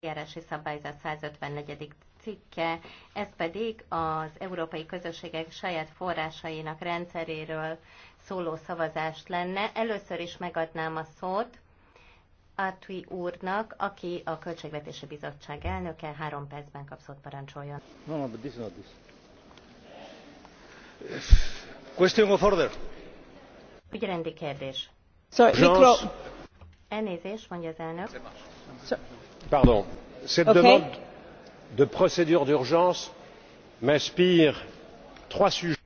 eljárási szabályzat 154. cikke, ez pedig az európai közösségek saját forrásainak rendszeréről szóló szavazást lenne. Először is megadnám a szót Atui úrnak, aki a Költségvetési Bizottság elnöke, három percben kap szót parancsoljon. No, no, but this is not this. Question of order. Ügyrendi kérdés. Sorry, szóval mikro... mondja az elnök. Sorry cette demande de procédure d'urgence m'inspire trois sujets.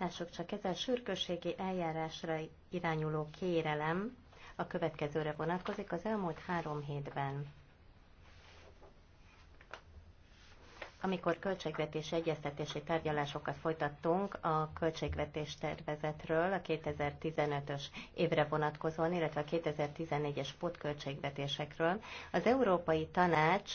Lássuk csak ezen sürgősségi eljárásra irányuló kérelem a következőre vonatkozik. Az elmúlt három hétben amikor költségvetés egyeztetési tárgyalásokat folytattunk a költségvetés tervezetről a 2015-ös évre vonatkozóan, illetve a 2014-es pótköltségvetésekről, az Európai Tanács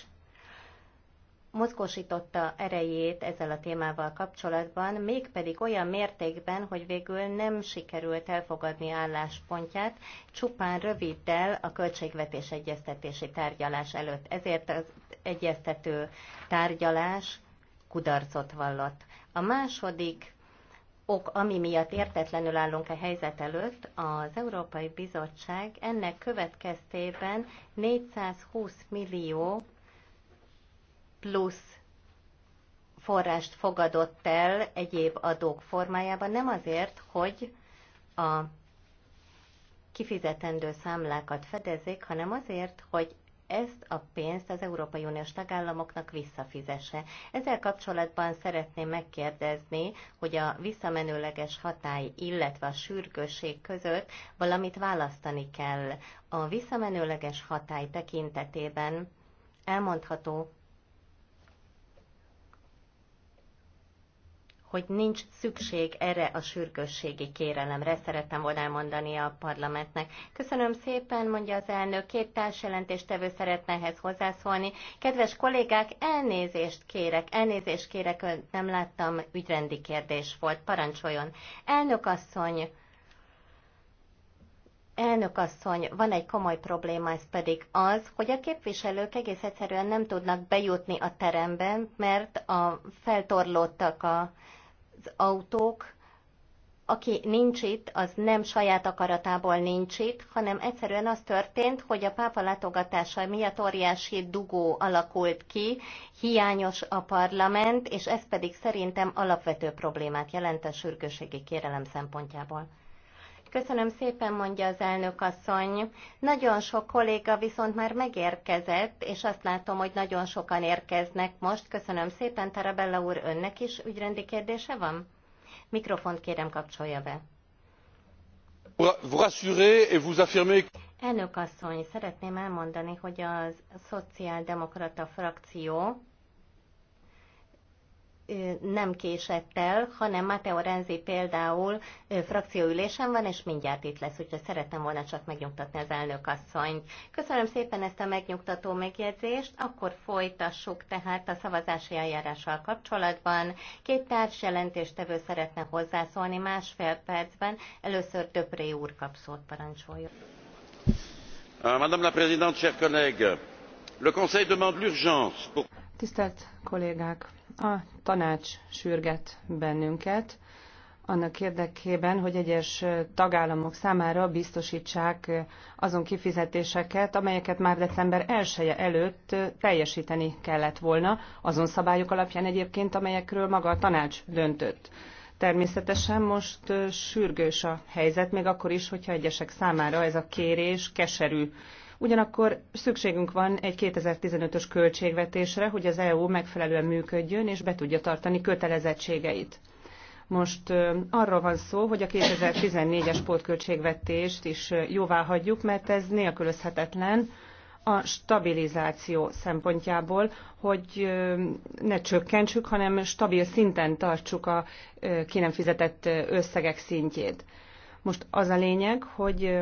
mozgósította erejét ezzel a témával kapcsolatban, mégpedig olyan mértékben, hogy végül nem sikerült elfogadni álláspontját, csupán röviddel a költségvetés egyeztetési tárgyalás előtt. Ezért az egyeztető tárgyalás kudarcot vallott. A második ok, ami miatt értetlenül állunk a e helyzet előtt, az Európai Bizottság ennek következtében 420 millió plusz forrást fogadott el egyéb adók formájában, nem azért, hogy a kifizetendő számlákat fedezzék, hanem azért, hogy ezt a pénzt az Európai Uniós tagállamoknak visszafizesse. Ezzel kapcsolatban szeretném megkérdezni, hogy a visszamenőleges hatály, illetve a sürgősség között valamit választani kell. A visszamenőleges hatály tekintetében elmondható, hogy nincs szükség erre a sürgősségi kérelemre. Szerettem volna elmondani a parlamentnek. Köszönöm szépen, mondja az elnök. Két társjelentéstevő szeretne ehhez hozzászólni. Kedves kollégák, elnézést kérek, elnézést kérek, nem láttam, ügyrendi kérdés volt. Parancsoljon. Elnök asszony, Elnök asszony, van egy komoly probléma, ez pedig az, hogy a képviselők egész egyszerűen nem tudnak bejutni a teremben, mert a feltorlódtak a az autók, aki nincs itt, az nem saját akaratából nincs itt, hanem egyszerűen az történt, hogy a pápa látogatása miatt óriási dugó alakult ki, hiányos a parlament, és ez pedig szerintem alapvető problémát jelent a sürgőségi kérelem szempontjából. Köszönöm szépen, mondja az elnök asszony. Nagyon sok kolléga viszont már megérkezett, és azt látom, hogy nagyon sokan érkeznek most. Köszönöm szépen, Tarabella úr, önnek is ügyrendi kérdése van? Mikrofont kérem kapcsolja be. Elnök asszony, szeretném elmondani, hogy a szociáldemokrata frakció nem késett el, hanem Matteo Renzi például frakcióülésen van, és mindjárt itt lesz, úgyhogy szeretném volna csak megnyugtatni az elnök asszonyt. Köszönöm szépen ezt a megnyugtató megjegyzést, akkor folytassuk tehát a szavazási eljárással kapcsolatban. Két társ jelentéstevő szeretne hozzászólni másfél percben, először Töpré úr kap szót, parancsoljon. Euh, Madame la Présidente, chers collègues, le Conseil demande l'urgence pour... Tisztelt kollégák! A tanács sürget bennünket annak érdekében, hogy egyes tagállamok számára biztosítsák azon kifizetéseket, amelyeket már december 1 -e előtt teljesíteni kellett volna, azon szabályok alapján egyébként, amelyekről maga a tanács döntött. Természetesen most sürgős a helyzet, még akkor is, hogyha egyesek számára ez a kérés keserű Ugyanakkor szükségünk van egy 2015-ös költségvetésre, hogy az EU megfelelően működjön és be tudja tartani kötelezettségeit. Most arról van szó, hogy a 2014-es pótköltségvetést is jóvá hagyjuk, mert ez nélkülözhetetlen a stabilizáció szempontjából, hogy ne csökkentsük, hanem stabil szinten tartsuk a ki nem fizetett összegek szintjét. Most az a lényeg, hogy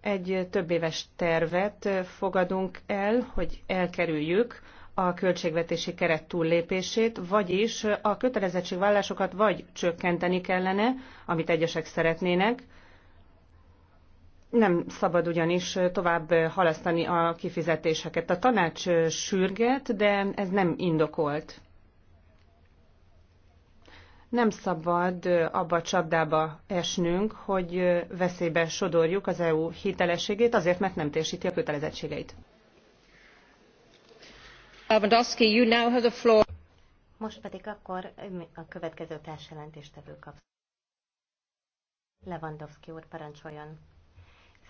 egy több éves tervet fogadunk el, hogy elkerüljük a költségvetési keret túllépését, vagyis a kötelezettségvállásokat vagy csökkenteni kellene, amit egyesek szeretnének, nem szabad ugyanis tovább halasztani a kifizetéseket. A tanács sürget, de ez nem indokolt. Nem szabad abba a csapdába esnünk, hogy veszélybe sodorjuk az EU hitelességét azért, mert nem térsíti a kötelezettségeit. Lewandowski, you now have the floor. Most pedig akkor a következő társjelentéstevő kap. Lewandowski úr, parancsoljon.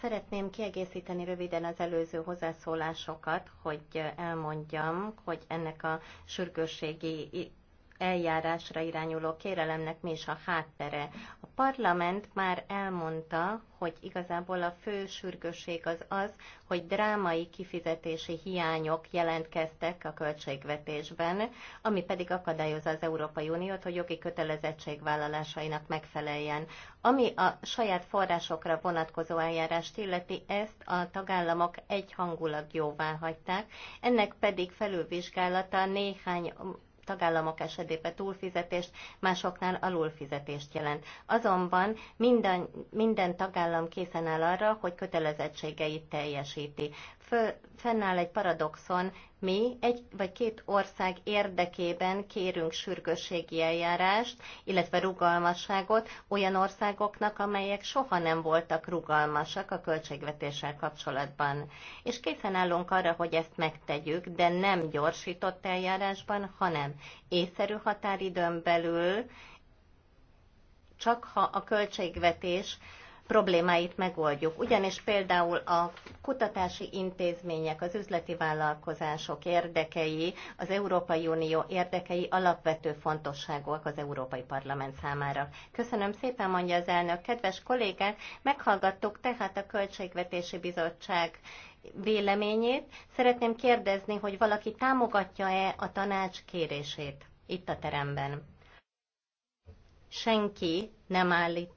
Szeretném kiegészíteni röviden az előző hozzászólásokat, hogy elmondjam, hogy ennek a sürgősségi eljárásra irányuló kérelemnek mi is a háttere. A parlament már elmondta, hogy igazából a fő sürgőség az az, hogy drámai kifizetési hiányok jelentkeztek a költségvetésben, ami pedig akadályozza az Európai Uniót, hogy jogi kötelezettségvállalásainak megfeleljen. Ami a saját forrásokra vonatkozó eljárást illeti, ezt a tagállamok egyhangulag jóvá hagyták, ennek pedig felülvizsgálata néhány tagállamok esetében túlfizetést, másoknál alulfizetést jelent. Azonban minden, minden tagállam készen áll arra, hogy kötelezettségeit teljesíti fennáll egy paradoxon, mi egy vagy két ország érdekében kérünk sürgősségi eljárást, illetve rugalmasságot olyan országoknak, amelyek soha nem voltak rugalmasak a költségvetéssel kapcsolatban. És készen állunk arra, hogy ezt megtegyük, de nem gyorsított eljárásban, hanem észszerű határidőn belül, csak ha a költségvetés problémáit megoldjuk. Ugyanis például a kutatási intézmények, az üzleti vállalkozások érdekei, az Európai Unió érdekei alapvető fontosságúak az Európai Parlament számára. Köszönöm szépen, mondja az elnök. Kedves kollégák, meghallgattuk tehát a Költségvetési Bizottság véleményét. Szeretném kérdezni, hogy valaki támogatja-e a tanács kérését itt a teremben. Senki nem állít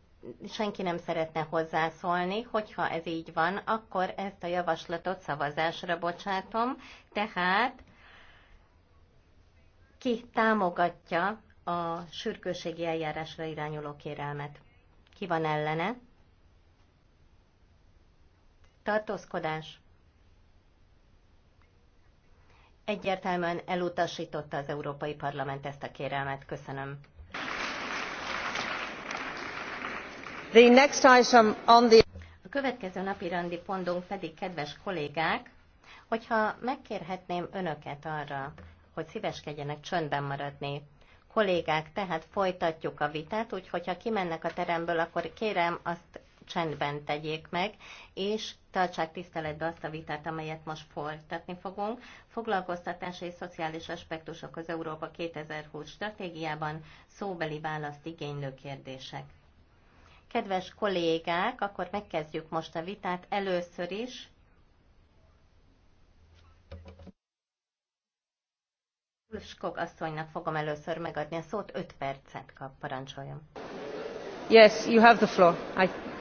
senki nem szeretne hozzászólni, hogyha ez így van, akkor ezt a javaslatot szavazásra bocsátom, tehát ki támogatja a sürgőségi eljárásra irányuló kérelmet? Ki van ellene? Tartózkodás. Egyértelműen elutasította az Európai Parlament ezt a kérelmet. Köszönöm. A következő napi pontunk pedig, kedves kollégák, hogyha megkérhetném önöket arra, hogy szíveskedjenek csöndben maradni. Kollégák, tehát folytatjuk a vitát, úgyhogy ha kimennek a teremből, akkor kérem azt csendben tegyék meg, és tartsák tiszteletbe azt a vitát, amelyet most folytatni fogunk. Foglalkoztatási és szociális aspektusok az Európa 2020 stratégiában szóbeli választ igénylő kérdések. Kedves kollégák, akkor megkezdjük most a vitát először is. Ulfskog asszonynak fogom először megadni a szót, 5 percet kap, parancsoljon. Yes, you have the floor. I...